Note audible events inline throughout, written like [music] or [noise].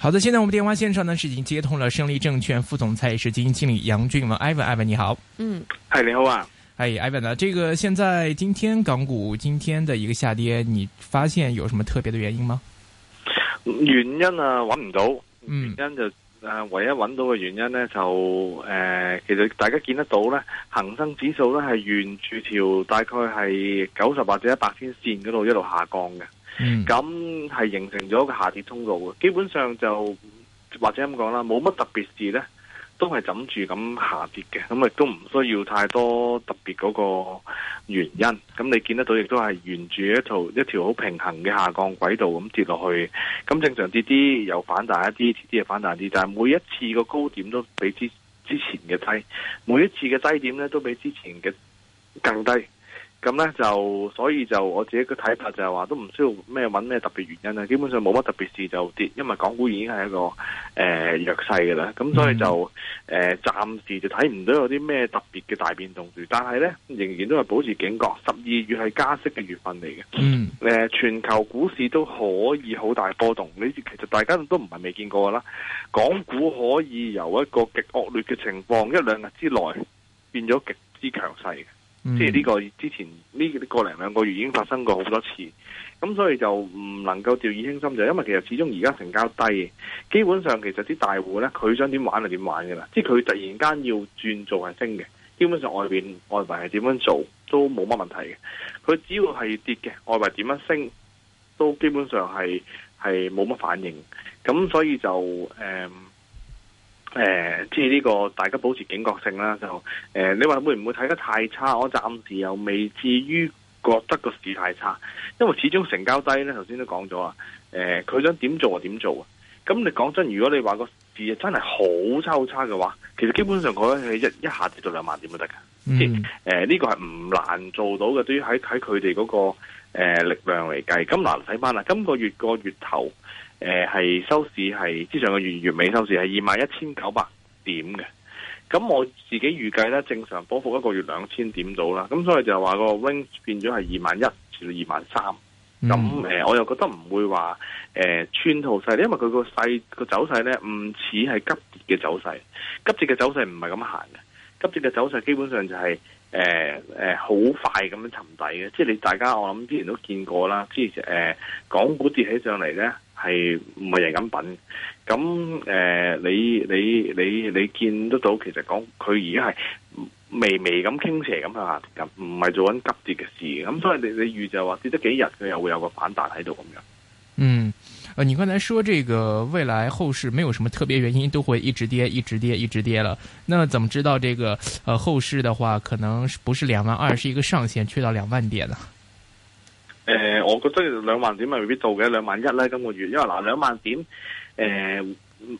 好的，現在我們電話線上呢是已經接通了勝利證券副總裁也是基金經理楊俊文，Ivan，Ivan Ivan，你好。嗯，係你好啊，係、hey, Ivan 啊。這個現在今天港股今天的一個下跌，你發現有什麼特別的原因嗎？原因啊揾唔到，嗯、原因就誒、啊、唯一揾到嘅原因呢，就誒、呃，其實大家見得到呢，恒生指數呢，係沿住條大概係九十或者一百天線嗰度一路下降嘅。咁係、嗯、形成咗個下跌通道嘅，基本上就或者咁講啦，冇乜特別事呢，都係枕住咁下跌嘅，咁亦都唔需要太多特別嗰個原因。咁你見得到亦都係沿住一條一條好平衡嘅下降軌道咁跌落去。咁正常跌啲，有反彈一啲，跌啲又反彈啲，但係每一次個高點都比之之前嘅低，每一次嘅低點呢，都比之前嘅更低。咁咧就，所以就我自己嘅睇法就係話，都唔需要咩揾咩特別原因啦、啊。基本上冇乜特別事就跌，因為港股已經係一個誒、呃、弱勢噶啦。咁所以就誒、嗯呃、暫時就睇唔到有啲咩特別嘅大變動住。但係咧仍然都係保持警覺。十二月係加息嘅月份嚟嘅，誒、嗯呃、全球股市都可以好大波動。你其實大家都唔係未見過噶啦，港股可以由一個極惡劣嘅情況一兩日之內變咗極之強勢嘅。嗯、即係呢、這個之前呢個零兩個月已經發生過好多次，咁所以就唔能夠掉以輕心，就因為其實始終而家成交低，基本上其實啲大戶呢，佢想點玩就點玩噶啦，即係佢突然間要轉做係升嘅，基本上外邊外圍係點樣做都冇乜問題嘅，佢只要係跌嘅外圍點樣升，都基本上係係冇乜反應，咁所以就誒。嗯誒，即係呢個大家保持警覺性啦，就誒、呃，你話會唔會睇得太差？我暫時又未至於覺得個市太差，因為始終成交低咧。頭先都講咗啊，佢、呃、想點做就點做啊。咁你講真，如果你話個市真係好差好差嘅話，其實基本上佢一一,一,一,一下跌到兩萬點都得㗎。嗯，呢、呃這個係唔難做到嘅，對於喺喺佢哋嗰個、呃、力量嚟計，咁難睇翻啦，今個月個月頭。誒，係、呃、收市係之上個月月尾收市係二萬一千九百點嘅，咁我自己預計咧，正常波幅一個月兩千點到啦，咁所以就話個 range 變咗係二萬一至到二萬三，咁誒、嗯、呃，我又覺得唔會話誒、呃、穿套晒，因為佢個勢個走勢咧唔似係急跌嘅走勢，急跌嘅走勢唔係咁行嘅，急跌嘅走勢基本上就係誒誒好快咁樣沉底嘅，即係你大家我諗之前都見過啦，之前誒港股跌起上嚟咧。係唔係人咁品？咁誒、呃，你你你你見得到？其實講佢而家係微微咁傾斜咁啊，唔係做緊急跌嘅事。咁所以你你預就話跌咗幾日，佢又會有個反彈喺度咁樣。嗯，啊，你剛才說這個未來後市沒有什麼特別原因都會一直跌，一直跌，一直跌了。那怎麼知道這個？呃，後市的話可能不是兩萬二，是一個上限，去到兩萬點呢？誒、呃，我覺得兩萬點咪未必到嘅，兩萬一咧今個月，因為嗱，兩萬點，誒、呃，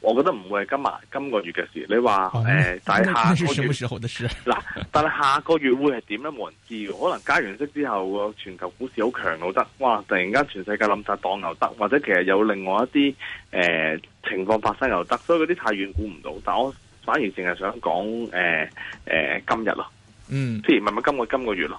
我覺得唔會係今日今個月嘅事。你話誒，但係、嗯呃、下個月嗱，但係下個月會係點咧？冇人知，可能加完息之後全球股市好強又得，哇！突然間全世界諗晒檔，又得，或者其實有另外一啲誒、呃、情況發生又得，所以嗰啲太遠估唔到。但我反而淨係想講誒誒今日咯，嗯，即係咪咪今個今個月咯。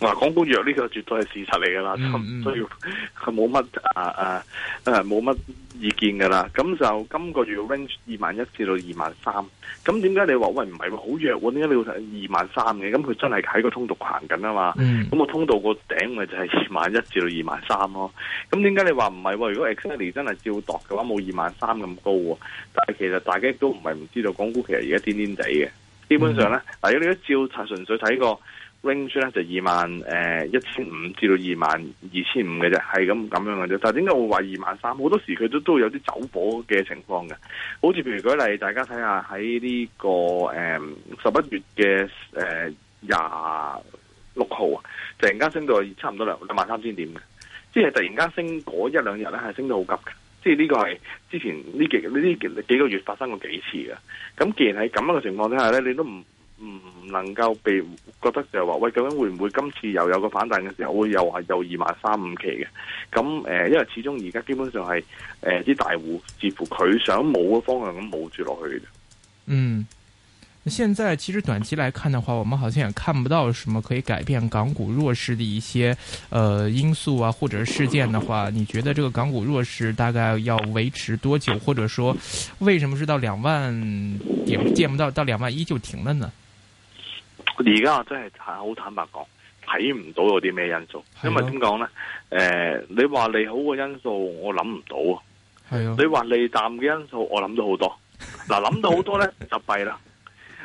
嗱，港股弱呢個絕對係事實嚟㗎啦，需要佢冇乜，啊啊啊冇乜意見㗎啦。咁就今個月 range 二萬一至到二萬三，咁點解你話喂唔係好弱喎？點解你要睇二萬三嘅？咁佢真係喺個通道行緊啊嘛。咁、mm hmm. 個通道個頂咪就係二萬一至到二萬三咯。咁點解你話唔係，如果 exactly 真係照度嘅話，冇二萬三咁高喎、啊。但係其實大家亦都唔係唔知道，港股其實而家癲癲地嘅。基本上咧，嗱、mm hmm. 如果你一照純粹睇個。range 咧就二萬誒一千五至到二萬二千五嘅啫，係咁咁樣嘅啫。但係點解我話二萬三？好多時佢都都有啲走火嘅情況嘅。好似譬如舉例，大家睇下喺呢個誒十一月嘅誒廿六號，突然間升到差唔多兩兩萬三千點嘅，即係突然間升嗰一兩日咧係升到好急嘅。即係呢個係之前呢幾呢呢幾幾個月發生過幾次嘅。咁既然喺咁樣嘅情況之下咧，你都唔。唔能夠被覺得就係話喂，究竟會唔會今次又有個反彈嘅時候會又話又二萬三五期嘅咁誒，因為始終而家基本上係誒啲大戶，似乎佢想冇個方向咁冇住落去嘅。嗯，現在其實短期來看的話，我們好像也看不到什麼可以改變港股弱勢的一些呃因素啊，或者事件的話，你覺得這個港股弱勢大概要維持多久，或者說為什麼是到兩萬點見不到到兩萬一就停了呢？而家我真係好坦，坦白講，睇唔到有啲咩因素，因為點講呢？誒、呃，你話利好嘅因素我諗唔到，係啊，你話利淡嘅因素我諗到好多，嗱諗到好多呢， [laughs] 就弊啦。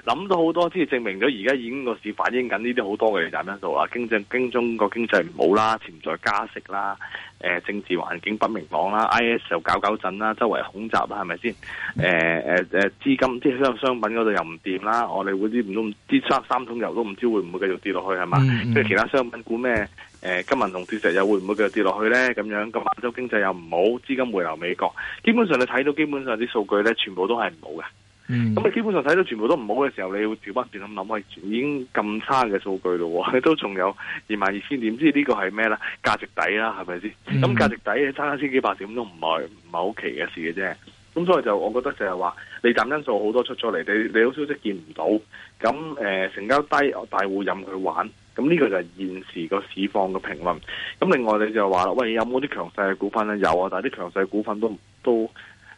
諗到好多，即係證明咗而家已經個市反映緊呢啲好多嘅嘢喺邊度啦經濟、經中國經濟唔好啦，潛在加息啦，誒、呃，政治環境不明朗啦，I S 又搞搞震啦，周圍恐襲啦，係咪先？誒誒誒，資金即係商商品嗰度又唔掂啦，我哋會啲唔通啲三三桶油都唔知會唔會繼續跌落去係嘛？即係、mm hmm. 其他商品股咩？誒、呃，金銀同鑽石又會唔會繼續跌落去咧？咁樣咁亞洲經濟又唔好，資金回流美國，基本上你睇到，基本上啲數據咧，全部都係唔好嘅。咁你、嗯、基本上睇到全部都唔好嘅時候，你會調翻轉咁諗，喂，已經咁差嘅數據咯，你都仲有二萬二千點，知個呢個係咩咧？價值底啦，係咪先？咁價、嗯、值底差一千幾百點都唔係唔係好奇嘅事嘅啫。咁所以就我覺得就係話，利淡因素好多出咗嚟，你你好消息見唔到，咁誒、呃、成交低，大戶任佢玩，咁呢個就係現時個市況嘅評論。咁另外你就話啦，喂有冇啲強勢嘅股份咧？有啊，但係啲強勢股份都都。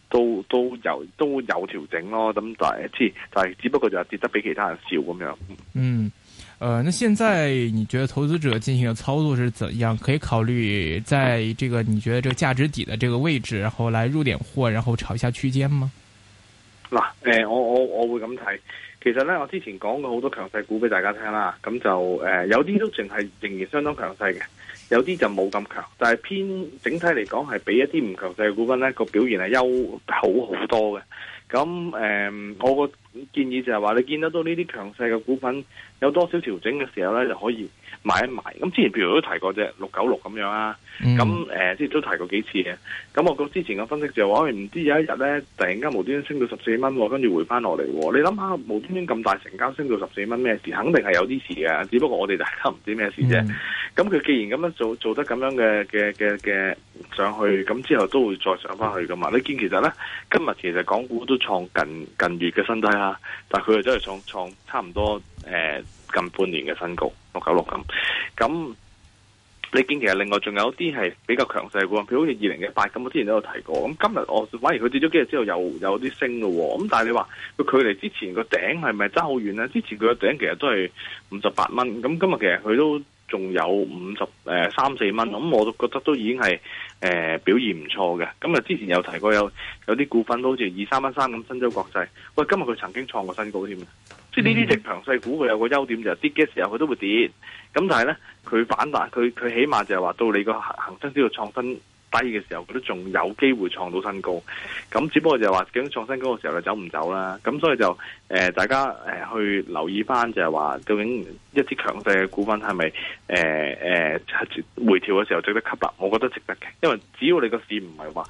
都都有都有調整咯，咁但係只但係只不過就係跌得比其他人少咁樣。嗯，呃，那現在你覺得投資者進行的操作是怎樣？可以考慮在這個你覺得這個價值底的這個位置，然後來入點貨，然後炒一下區間嗎？嗱，誒、啊呃，我我我會咁睇，其實咧，我之前講過好多強勢股俾大家聽啦，咁就誒、呃，有啲都淨係仍然相當強勢嘅，有啲就冇咁強，但係偏整體嚟講係比一啲唔強勢嘅股份咧個表現係優好好多嘅，咁誒、呃，我個建議就係話你見得到呢啲強勢嘅股份。有多少調整嘅時候咧，就可以買一買。咁之前譬如都提過啫，六九六咁樣啊。咁誒、嗯，即係、嗯、都提過幾次嘅、啊。咁我之前嘅分析就話，喂、哎，唔知有一日咧，突然間無端端升到十四蚊喎，跟住回翻落嚟。你諗下，無端端咁大成交升到十四蚊咩事？肯定係有啲事嘅，只不過我哋大家唔知咩事啫。咁佢、嗯、既然咁樣做，做得咁樣嘅嘅嘅嘅上去，咁之後都會再上翻去噶嘛。你見其實咧，今日其實港股都創近近月嘅新低啦、啊，但佢又真係創創差唔多、呃近半年嘅新高，六九六咁。咁你見其實另外仲有啲係比較強勢股，譬如好似二零一八咁，我之前都有提過。咁今日我反而佢跌咗幾日之後又，又有啲升嘅喎、哦。咁但係你話佢距離之前個頂係咪差好遠呢？之前佢個頂其實都係五十八蚊，咁今日其實佢都仲有五十誒三四蚊。咁我都覺得都已經係誒、呃、表現唔錯嘅。咁啊之前有提過有有啲股份都好似二三一三咁，新洲國際喂，今日佢曾經創過新高添。即呢啲隻強勢股，佢有個優點就係跌嘅時候佢都會跌，咁但係呢，佢反彈，佢佢起碼就係話到你個恒生指數創新低嘅時候，佢都仲有機會創到新高。咁只不過就係話究竟創新高嘅時候，你走唔走啦？咁所以就誒、呃、大家去留意返，就係話究竟一隻強勢嘅股份係咪誒回調嘅時候值得吸啊？我覺得值得嘅，因為只要你個市唔係話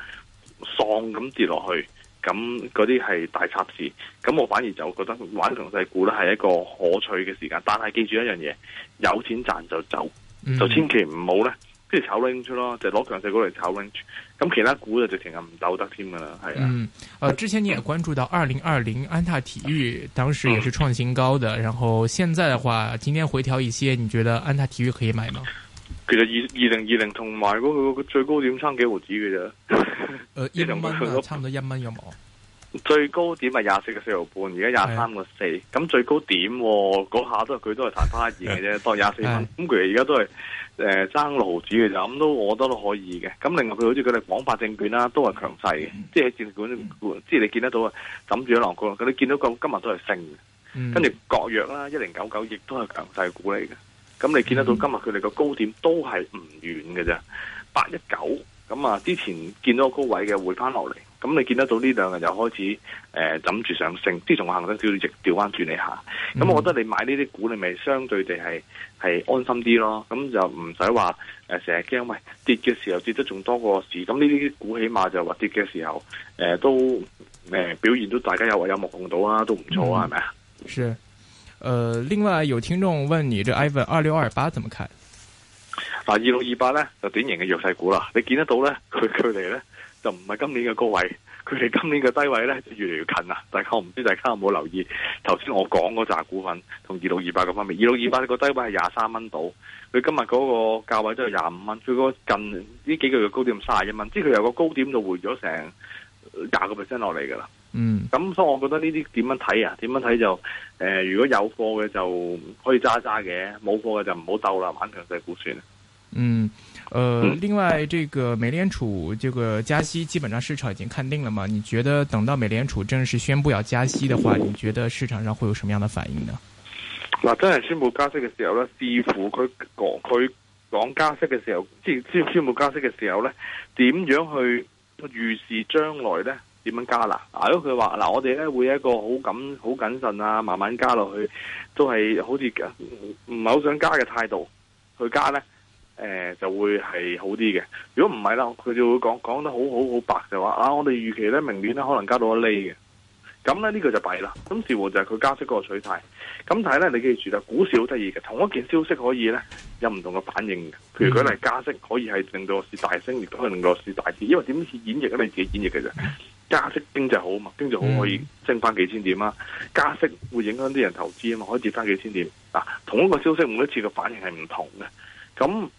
喪咁跌落去。咁嗰啲係大插市，咁我反而就覺得玩強勢股咧，係一個可取嘅時間。但係記住一樣嘢，有錢賺就走，嗯、就千祈唔好咧。跟住炒 range 出咯，就攞強勢股嚟炒 range。咁其他股就直情係唔走得添㗎啦。係啊，誒、嗯呃、之前你也關注到二零二零安踏體育，當時也是創新高的，嗯、然後現在嘅話，今天回調一些，你覺得安踏體育可以買嗎？其實二二零二零同埋嗰個最高點差幾毫子嘅啫。誒、 [laughs] 呃，一零蚊啊， [laughs] 差唔多一蚊咁有冇？最高點係廿四個四毫半，而家廿三個四，咁的最高點嗰、哦、下都係佢都係曇花一現嘅啫，當廿四蚊，咁佢而家都係誒爭六毫子嘅啫，咁都我覺得都可以嘅。咁另外佢好似佢哋廣發證券啦、啊，都係強勢嘅，嗯、即係證券股，嗯、即係你見得到啊，枕住啲藍股，咁你見到個今日都係升嘅，跟住國藥啦，一零九九亦都係強勢股嚟嘅，咁你見得到今日佢哋個高點都係唔遠嘅啫，八一九。咁啊！之前見到個高位嘅回翻落嚟，咁你見得到呢兩日又開始誒諗住上升，即係行得少少，調翻轉你下。咁我覺得你買呢啲股，你咪相對地係係安心啲咯。咁就唔使話成日驚喂跌嘅時候跌得仲多過市。咁呢啲股起碼就話跌嘅時候誒都表現都大家有話有目共睹啊，都唔錯啊，係咪啊？是。誒、呃，另外有聽眾問你，這 Ivan 二六二八怎麼看？但二六二八咧就典型嘅弱勢股啦，你見得到咧佢佢距離咧就唔係今年嘅高位，距離今年嘅低位咧就越嚟越近啦。大家我唔知大家有冇留意頭先我講嗰扎股份同二六二八嘅分別，二六二八個低位係廿三蚊度，佢今日嗰個價位都係廿五蚊，佢個近呢幾個月嘅高點卅一蚊，即係佢由個高點就回咗成廿個 percent 落嚟噶啦。嗯，咁所以我覺得呢啲點樣睇啊？點樣睇就誒、呃，如果有貨嘅就可以揸揸嘅，冇貨嘅就唔好鬥啦，玩強勢股算。嗯，誒、呃，另外，這個美聯儲這個加息，基本上市場已經看定了嘛？你覺得等到美聯儲正式宣布要加息的話，你覺得市場上會有什麼樣的反應呢？嗱、啊，真係宣布加息嘅時，時，時候呢，視乎佢講佢講加息嘅時候，即係宣布加息嘅時候呢，點樣去預示將來呢？點樣加啦？如果佢話嗱，我哋呢會一個好感、好謹慎啊，慢慢加落去，都係好似唔係好想加嘅態度去加呢。」誒、呃，就會係好啲嘅。如果唔係啦，佢就會講講得好好好白，就話，啊，我哋預期咧明年咧可能加到一厘嘅。咁咧呢、呢個就弊啦。咁似乎就係佢加息嗰個取態。咁但係咧，你記住啦，股市好得意嘅，同一件消息可以咧有唔同嘅反應嘅。譬如佢嚟，加息，可以係令到市大升，亦都可以令到市大跌。因為點演繹？你自己演繹嘅啫。加息經濟好啊嘛，經濟好可以升翻幾千點啊。加息會影響啲人投資啊嘛，可以跌翻幾千點啊，啊。同一個消息每一次嘅反應係唔同嘅。咁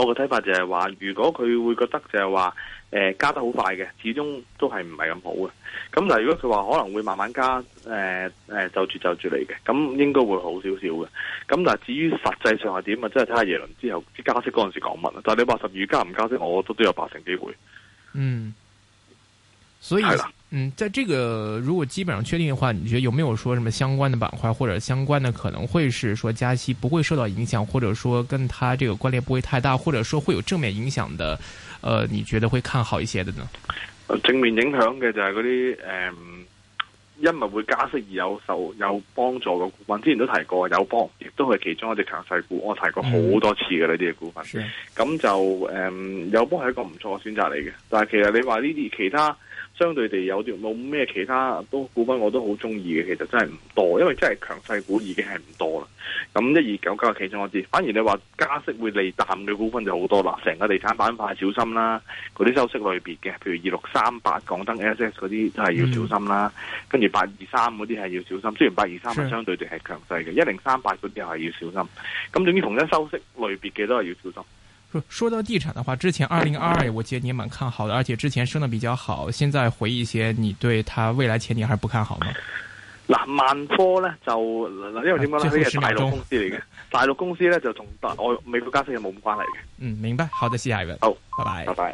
我個睇法就係話，如果佢會覺得就係話、呃，加得好快嘅，始終都係唔係咁好嘅。咁但係如果佢話可能會慢慢加，誒、呃呃、就住就住嚟嘅，咁應該會好少少嘅。咁但係至於實際上係點啊，真係睇下耶倫之後即加息嗰陣時講乜啊。但係你話十二月加唔加息，我都都有八成機會。嗯。所以，嗯，在這個如果基本上確定的話，你覺得有沒有說什麼相關的板塊或者相關的可能會是說加息不會受到影響，或者說跟它這個關聯不會太大，或者說會有正面影響的，呃，你覺得會看好一些的呢？正面影響嘅就係嗰啲，誒、嗯，因為會加息而有受有幫助嘅股份，之前都提過友邦，亦都係其中一隻強勢股，我提過好多次嘅呢啲嘅股份。咁、嗯啊、就，誒、嗯，友邦係一個唔錯嘅選擇嚟嘅，但係其實你話呢啲其他。相對地有啲冇咩其他都股份我都好中意嘅，其實真係唔多，因為真係強勢股已經係唔多啦。咁一二九九其中一隻，反而你話加息會利淡嘅股份就好多啦。成個地產板塊小心啦，嗰啲收息類別嘅，譬如二六三八、港燈 S S 嗰啲都係要小心啦。嗯、跟住八二三嗰啲係要小心，雖然八二三係相對地係強勢嘅，一零三八嗰啲又係要小心。咁總之，同一收息類別嘅都係要小心。說說到地產的話，之前二零二二我記得你也蠻看好的，而且之前升得比較好，現在回憶一些，你對它未來前景還是不看好嗎？嗱，萬科咧就因為點講咧，呢啲係大陸公司嚟嘅，大陸公司咧就同我美國加息又冇咁關係嘅。嗯，明白，好的，謝謝 Ivan，哦好，拜拜，拜拜。